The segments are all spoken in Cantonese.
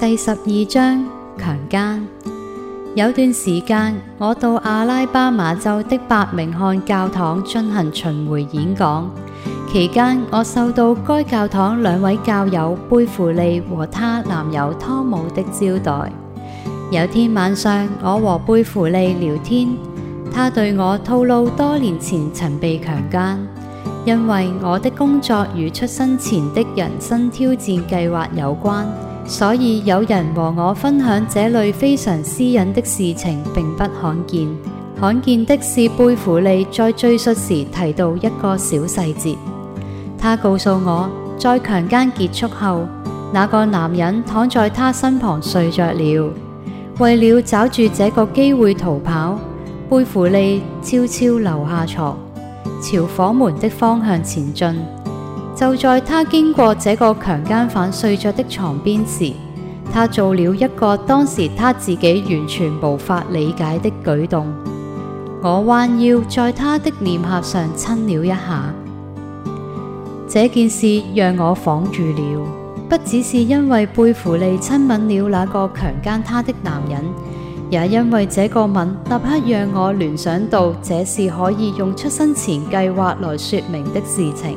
第十二章強姦。有段時間，我到阿拉巴馬州的伯明翰教堂進行巡回演講。期間，我受到該教堂兩位教友貝芙利和她男友湯姆的招待。有天晚上，我和貝芙利聊天，她對我透露多年前曾被強姦，因為我的工作與出生前的人生挑戰計劃有關。所以有人和我分享這類非常私隱的事情，並不罕見。罕見的是貝芙利在追述時提到一個小細節，他告訴我，在強姦結束後，那個男人躺在他身旁睡着了。為了抓住這個機會逃跑，貝芙利悄悄留下床，朝房門的方向前進。就在他經過這個強姦犯睡着的床邊時，他做了一個當時他自己完全無法理解的舉動。我彎腰在他的臉頰上親了一下。這件事讓我恍住了，不只是因為貝芙利親吻了那個強姦他的男人，也因為這個吻立刻讓我聯想到這是可以用出生前計劃來說明的事情。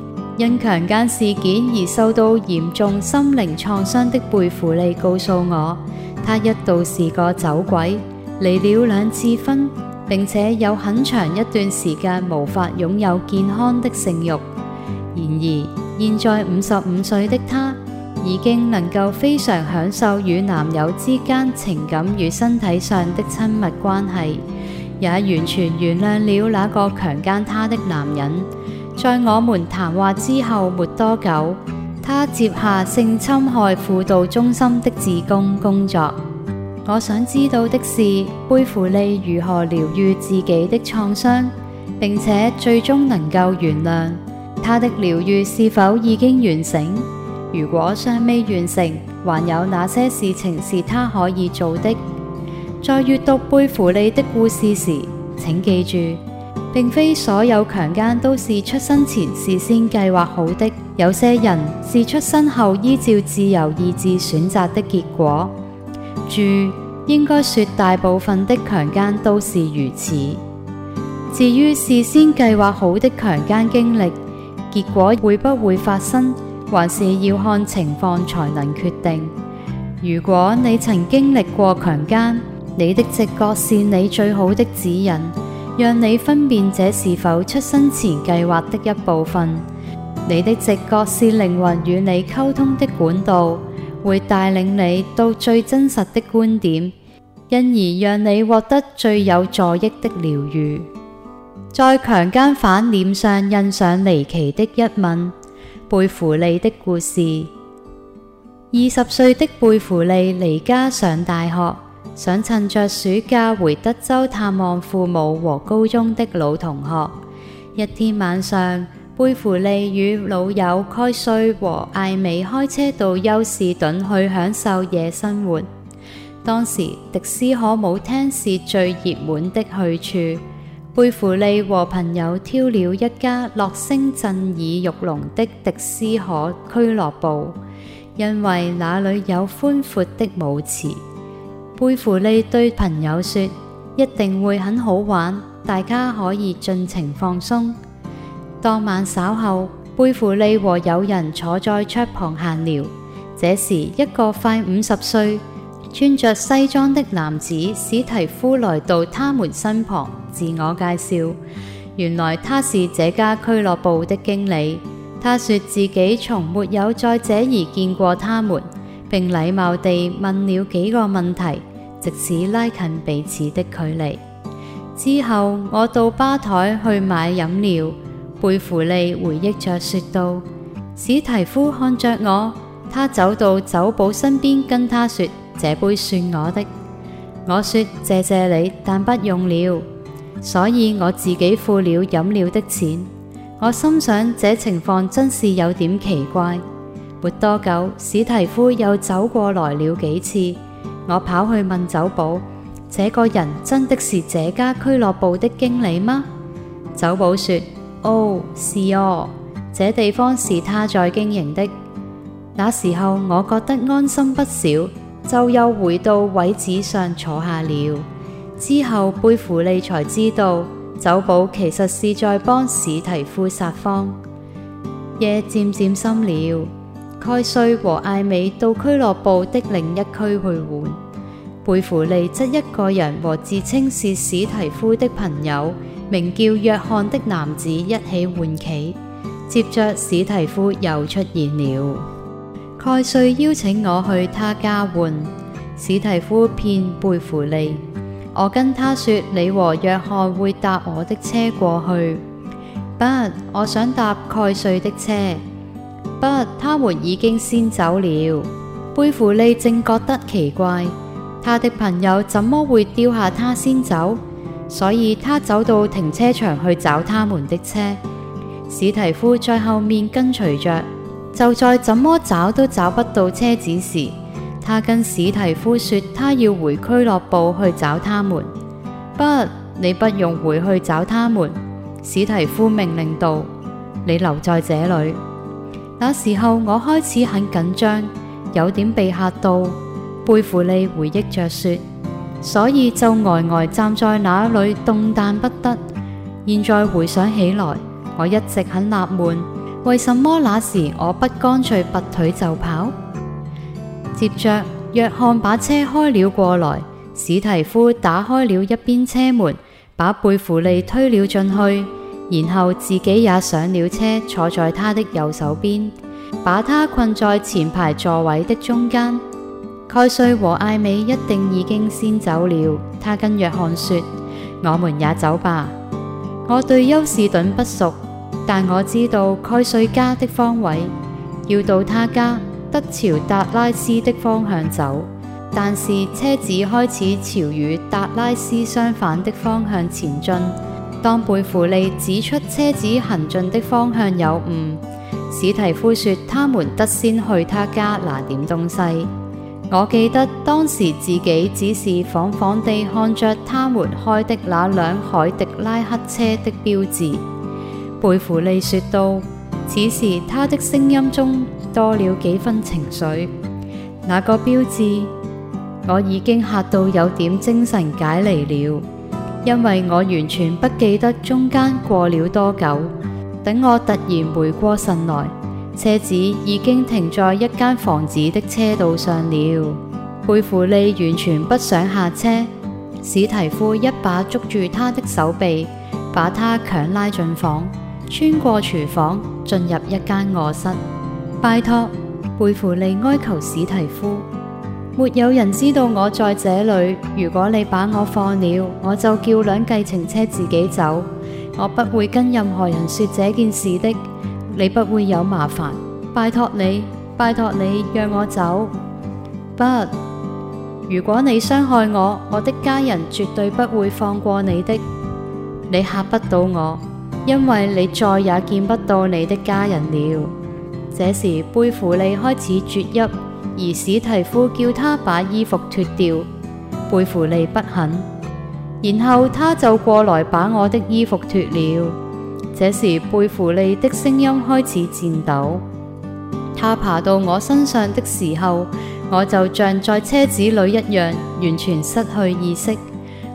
因強姦事件而受到嚴重心靈創傷的貝芙利告訴我，她一度是個酒鬼，離了兩次婚，並且有很長一段時間無法擁有健康的性慾。然而，現在五十五歲的她已經能夠非常享受與男友之間情感與身體上的親密關係，也完全原諒了那個強姦她的男人。在我們談話之後沒多久，他接下性侵害輔導中心的志工工作。我想知道的是，貝芙利如何療愈自己的創傷，並且最終能夠原諒？他的療愈是否已經完成？如果尚未完成，還有哪些事情是他可以做的？在閱讀貝芙利的故事時，請記住。並非所有強姦都是出生前事先計劃好的，有些人是出生後依照自由意志選擇的結果。注：應該說大部分的強姦都是如此。至於事先計劃好的強姦經歷，結果會不會發生，還是要看情況才能決定。如果你曾經歷過強姦，你的直覺是你最好的指引。讓你分辨這是否出生前計劃的一部分。你的直覺是靈魂與你溝通的管道，會帶領你到最真實的觀點，因而讓你獲得最有助益的療癒。在強姦犯臉上印上離奇的一吻，貝芙利的故事。二十歲的貝芙利離家上大學。想趁着暑假回德州探望父母和高中的老同學。一天晚上，貝芙利與老友開瑞和艾美開車到休士頓去享受夜生活。當時迪斯可舞廳是最熱門的去處，貝芙利和朋友挑了一家樂聲震耳欲聾的迪斯可俱樂部，因為那裡有寬闊的舞池。貝芙利對朋友說：一定會很好玩，大家可以盡情放鬆。當晚稍後，貝芙利和友人坐在桌旁閒聊，這時一個快五十歲、穿着西裝的男子史提夫來到他們身旁，自我介紹。原來他是這家俱樂部的經理。他說自己從沒有在這兒見過他們，並禮貌地問了幾個問題。即使拉近彼此的距離，之後我到吧台去買飲料。貝芙利回憶着說道：史提夫看着我，他走到酒保身邊跟他說：這杯算我的。我說：謝謝你，但不用了。所以我自己付了飲料的錢。我心想這情況真是有點奇怪。沒多久，史提夫又走過來了幾次。我跑去問酒保，這個人真的是這家俱樂部的經理嗎？酒保說：哦、oh，是哦，這地方是他在經營的。那時候我覺得安心不少，就又回到位子上坐下了。之後貝芙利才知道，酒保其實是在幫史提夫撒謊。夜漸漸深了。蓋瑞和艾美到俱樂部的另一區去換，貝芙利則一個人和自稱是史提夫的朋友，名叫約翰的男子一起換棋。接着史提夫又出現了。蓋瑞邀請我去他家換，史提夫騙貝芙利。我跟他說：你和約翰會搭我的車過去，不，我想搭蓋瑞的車。不，他們已經先走了。貝弗利正覺得奇怪，他的朋友怎麼會丟下他先走？所以他走到停車場去找他們的車。史提夫在後面跟隨着，就在怎麼找都找不到車子時，他跟史提夫說：他要回俱樂部去找他們。不，你不用回去找他們。史提夫命令道：你留在這裡。那時候我開始很緊張，有點被嚇到，貝弗利回憶着說，所以就呆呆站在那裏動彈不得。現在回想起來，我一直很納悶，為什麼那時我不乾脆拔腿就跑？接着，約翰把車開了過來，史提夫打開了一邊車門，把貝弗利推了進去。然後自己也上了車，坐在他的右手邊，把他困在前排座位的中間。蓋瑞和艾美一定已經先走了。他跟約翰說：我們也走吧。我對休士頓不熟，但我知道蓋瑞家的方位。要到他家，得朝達拉斯的方向走。但是車子開始朝與達拉斯相反的方向前進。當貝芙利指出車子行進的方向有誤，史提夫說他們得先去他家拿點東西。我記得當時自己只是恍恍地看着他們開的那輛凱迪拉克車的標誌。貝芙利說道，此時他的聲音中多了幾分情緒。那個標誌，我已經吓到有點精神解離了。因為我完全不記得中間過了多久，等我突然回過神來，車子已經停在一間房子的車道上了。貝芙利完全不想下車，史提夫一把捉住她的手臂，把她強拉進房，穿過廚房，進入一間臥室。拜託，貝芙利哀求史提夫。沒有人知道我在這裏。如果你把我放了，我就叫輛計程車自己走。我不會跟任何人說這件事的。你不會有麻煩。拜託你，拜託你讓我走。不，如果你傷害我，我的家人絕對不會放過你的。你嚇不到我，因為你再也見不到你的家人了。這時貝弗利開始啜泣。而史提夫叫他把衣服脫掉，貝芙利不肯，然後他就過來把我的衣服脫了。這時貝芙利的聲音開始顫抖。他爬到我身上的時候，我就像在車子裏一樣，完全失去意識，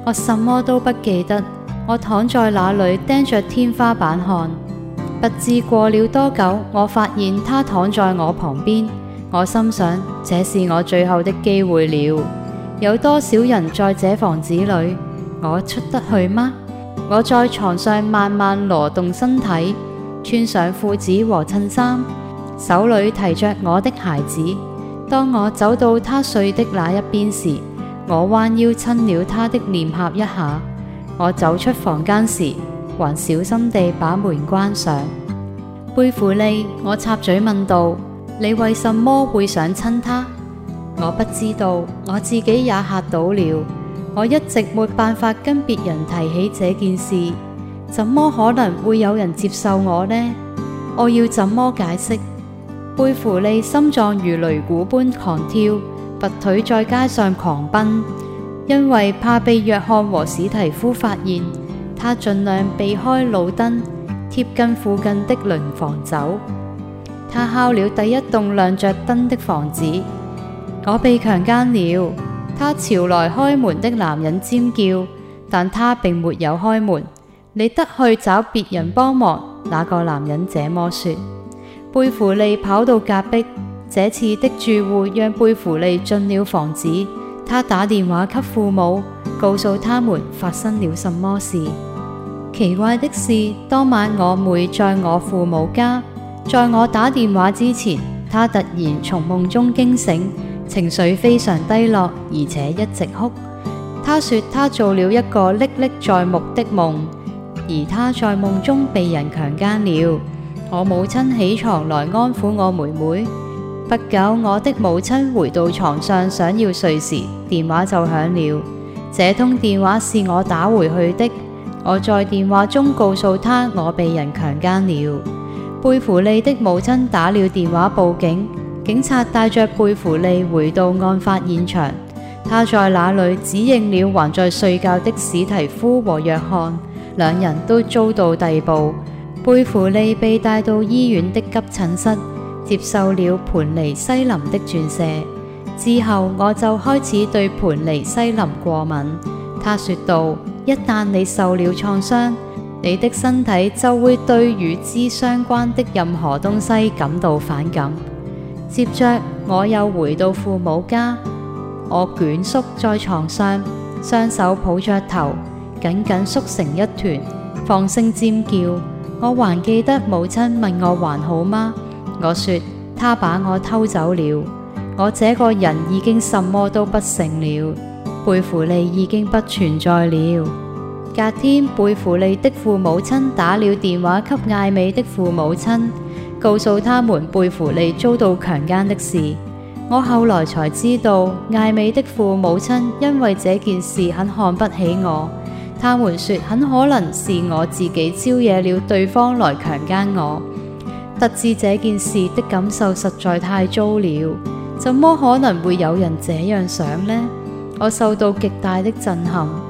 我什麼都不記得。我躺在那裏盯着天花板看，不知過了多久，我發現他躺在我旁邊。我心想，這是我最後的機會了。有多少人在這房子裏？我出得去嗎？我在床上慢慢挪動身體，穿上褲子和襯衫，手裏提着我的孩子。當我走到他睡的那一邊時，我彎腰親了他的臉頰一下。我走出房間時，還小心地把門關上。貝芙利，我插嘴問道。你為什麼會想親他？我不知道，我自己也嚇到了。我一直沒辦法跟別人提起這件事，怎麼可能會有人接受我呢？我要怎麼解釋？貝芙利心臟如擂鼓般狂跳，拔腿在街上狂奔，因為怕被約翰和史提夫發現，他盡量避開路燈，貼近附近的鄰房走。他敲了第一棟亮着燈的房子，我被強姦了。他朝來開門的男人尖叫，但他並沒有開門。你得去找別人幫忙。那個男人這麼說。貝芙利跑到隔壁，這次的住戶讓貝芙利進了房子。他打電話給父母，告訴他們發生了什麼事。奇怪的是，當晚我妹在我父母家。在我打電話之前，她突然從夢中驚醒，情緒非常低落，而且一直哭。她說她做了一個歷歷在目的夢，而她在夢中被人強姦了。我母親起床來安撫我妹妹。不久，我的母親回到床上想要睡時，電話就響了。這通電話是我打回去的。我在電話中告訴她我被人強姦了。貝芙利的母親打了電話報警，警察帶着貝芙利回到案發現場，她在那裡指認了還在睡覺的史提夫和約翰，兩人都遭到逮捕。貝芙利被帶到醫院的急診室，接受了盤尼西林的注射。之後我就開始對盤尼西林過敏，他說道：一旦你受了創傷。你的身體就會對與之相關的任何東西感到反感。接着我又回到父母家，我蜷縮在床上，雙手抱着頭，緊緊縮縮成一團，放聲尖叫。我還記得母親問我還好嗎？我說她把我偷走了。我這個人已經什麼都不剩了，背負你已經不存在了。隔天，貝芙利的父母親打了電話給艾美的父母親，告訴他們貝芙利遭到強姦的事。我後來才知道，艾美的父母親因為這件事很看不起我，他們說很可能是我自己招惹了對方來強姦我。我得知這件事的感受實在太糟了，怎麼可能會有人這樣想呢？我受到極大的震撼。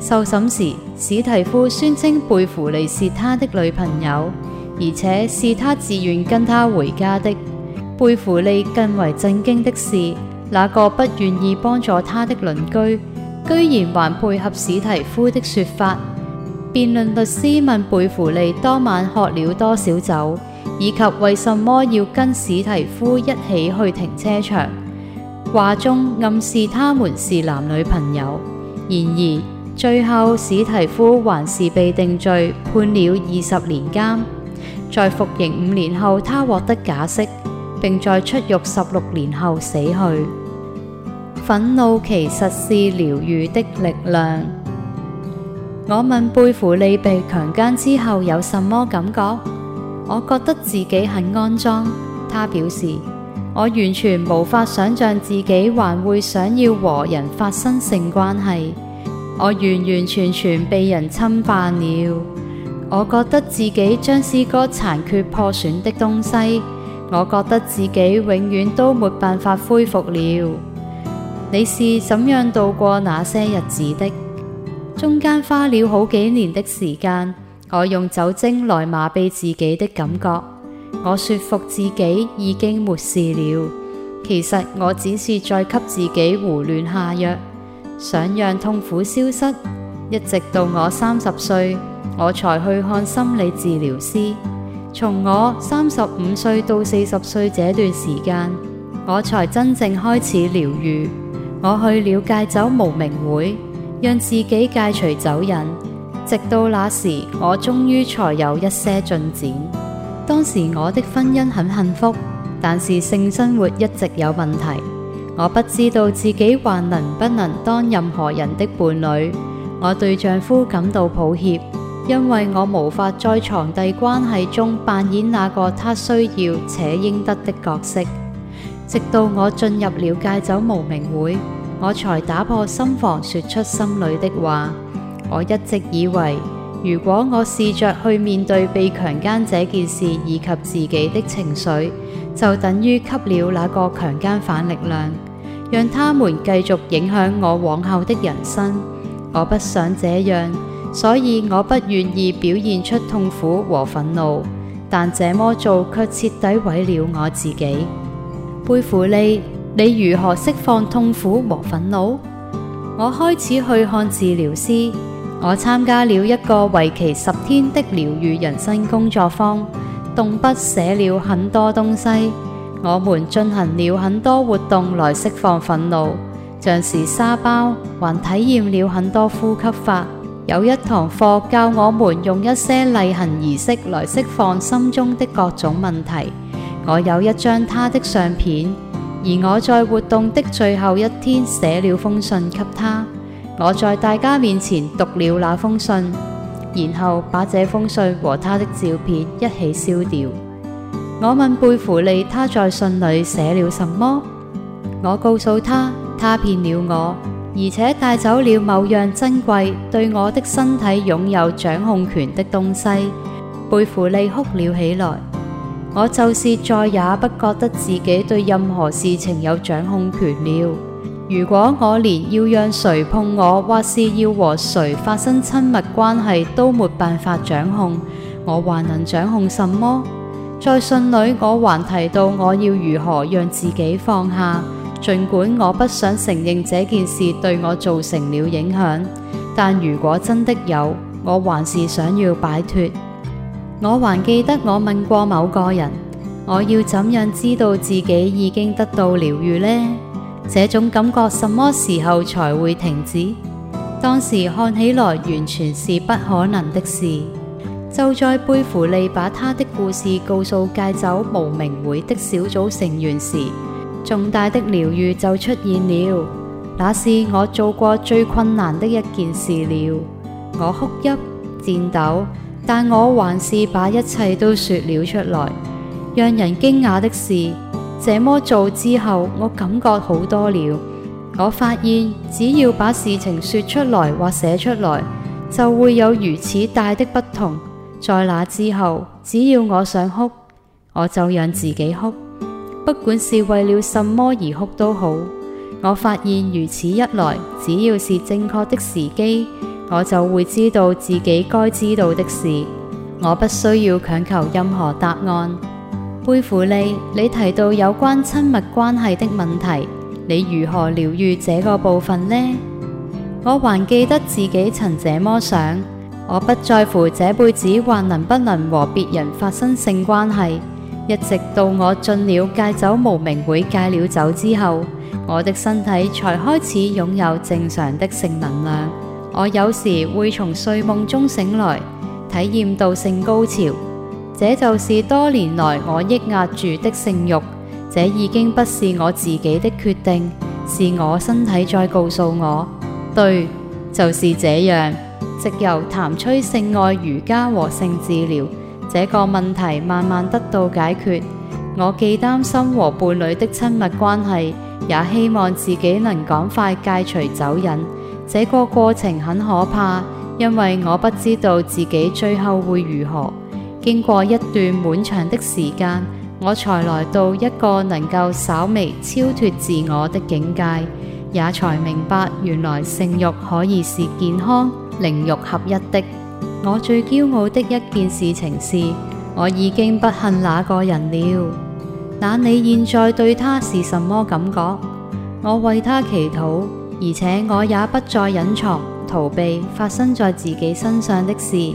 受審時，史提夫宣稱貝芙利是他的女朋友，而且是他自願跟他回家的。貝芙利更為震驚的是，那個不願意幫助他的鄰居，居然還配合史提夫的說法。辯論律師問貝芙利當晚喝了多少酒，以及為什麼要跟史提夫一起去停車場，話中暗示他們是男女朋友。然而，最後史提夫還是被定罪，判了二十年監。在服刑五年後，他獲得假釋，並在出獄十六年後死去。憤怒其實是療癒的力量。我問貝弗利被強姦之後有什麼感覺？我覺得自己很骯髒。他表示：我完全無法想象自己還會想要和人發生性關係。我完完全全被人侵犯了，我覺得自己將是個殘缺破損的東西，我覺得自己永遠都沒辦法恢復了。你是怎樣度過那些日子的？中間花了好幾年的時間，我用酒精來麻痹自己的感覺，我說服自己已經沒事了，其實我只是在給自己胡亂下藥。想讓痛苦消失，一直到我三十歲，我才去看心理治療師。從我三十五歲到四十歲這段時間，我才真正開始療癒。我去了戒酒無名會，讓自己戒除酒癮。直到那時，我終於才有一些進展。當時我的婚姻很幸福，但是性生活一直有問題。我不知道自己還能不能當任何人的伴侶。我對丈夫感到抱歉，因為我無法在床笫關係中扮演那個他需要且應得的角色。直到我進入了戒酒無名會，我才打破心房說出心裏的話。我一直以為，如果我試着去面對被強姦這件事以及自己的情緒。就等於給了那個強姦犯力量，讓他們繼續影響我往後的人生。我不想這樣，所以我不願意表現出痛苦和憤怒，但這麼做卻徹底毀了我自己。貝芙利，你如何釋放痛苦和憤怒？我開始去看治療師，我參加了一個為期十天的療癒人生工作坊。動筆寫了很多東西，我們進行了很多活動來釋放憤怒，像是沙包，還體驗了很多呼吸法。有一堂課教我們用一些例行儀式來釋放心中的各種問題。我有一張他的相片，而我在活動的最後一天寫了封信給他。我在大家面前讀了那封信。然後把這封信和他的照片一起燒掉。我問貝芙利他在信裏寫了什麼？我告訴他他騙了我，而且帶走了某樣珍貴，對我的身體擁有掌控權的東西。貝芙利哭了起來，我就是再也不覺得自己對任何事情有掌控權了。如果我連要讓誰碰我，或是要和誰發生親密關係，都沒辦法掌控，我還能掌控什麼？在信裏我還提到我要如何讓自己放下，儘管我不想承認這件事對我造成了影響，但如果真的有，我還是想要擺脫。我還記得我問過某個人，我要怎樣知道自己已經得到療愈呢？這種感覺什麼時候才會停止？當時看起來完全是不可能的事。就在貝芙利把他的故事告訴戒酒無名會的小組成員時，重大的療癒就出現了。那是我做過最困難的一件事了。我哭泣、顫抖，但我還是把一切都說了出來。讓人驚訝的是。這麼做之後，我感覺好多了。我發現只要把事情說出來或寫出來，就會有如此大的不同。在那之後，只要我想哭，我就讓自己哭，不管是為了什麼而哭都好。我發現如此一來，只要是正確的時機，我就會知道自己該知道的事。我不需要強求任何答案。佩服你，你提到有關親密關係的問題，你如何療癒這個部分呢？我還記得自己曾這麼想，我不在乎這輩子還能不能和別人發生性關係，一直到我進了戒酒無名會戒了酒之後，我的身體才開始擁有正常的性能量。我有時會從睡夢中醒來，體驗到性高潮。這就是多年來我抑壓住的性慾，這已經不是我自己的決定，是我身體在告訴我。對，就是這樣。藉由譚崔性愛瑜伽和性治療，這個問題慢慢得到解決。我既擔心和伴侶的親密關係，也希望自己能趕快戒除酒癮。這個過程很可怕，因為我不知道自己最後會如何。經過一段漫長的時間，我才來到一個能夠稍微超脫自我的境界，也才明白原來性欲可以是健康靈肉合一的。我最驕傲的一件事情是，我已經不恨那個人了。那你現在對他是什麼感覺？我為他祈禱，而且我也不再隱藏、逃避發生在自己身上的事。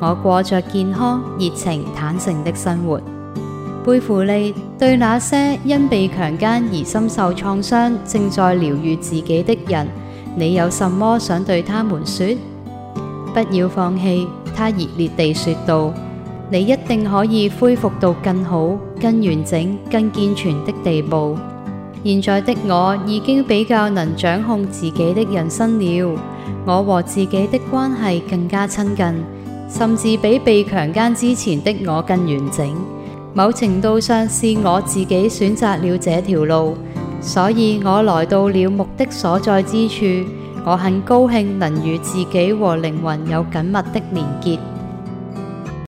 我過着健康、熱情、坦誠的生活。貝芙利，對那些因被強姦而深受創傷、正在療愈自己的人，你有什麼想對他們說？不要放棄，他熱烈地說道：你一定可以恢復到更好、更完整、更健全的地步。現在的我已經比較能掌控自己的人生了，我和自己的關係更加親近。甚至比被強姦之前的我更完整。某程度上是我自己選擇了這條路，所以我來到了了目的所在之處，我很高興能與自己和靈魂有緊密的連結。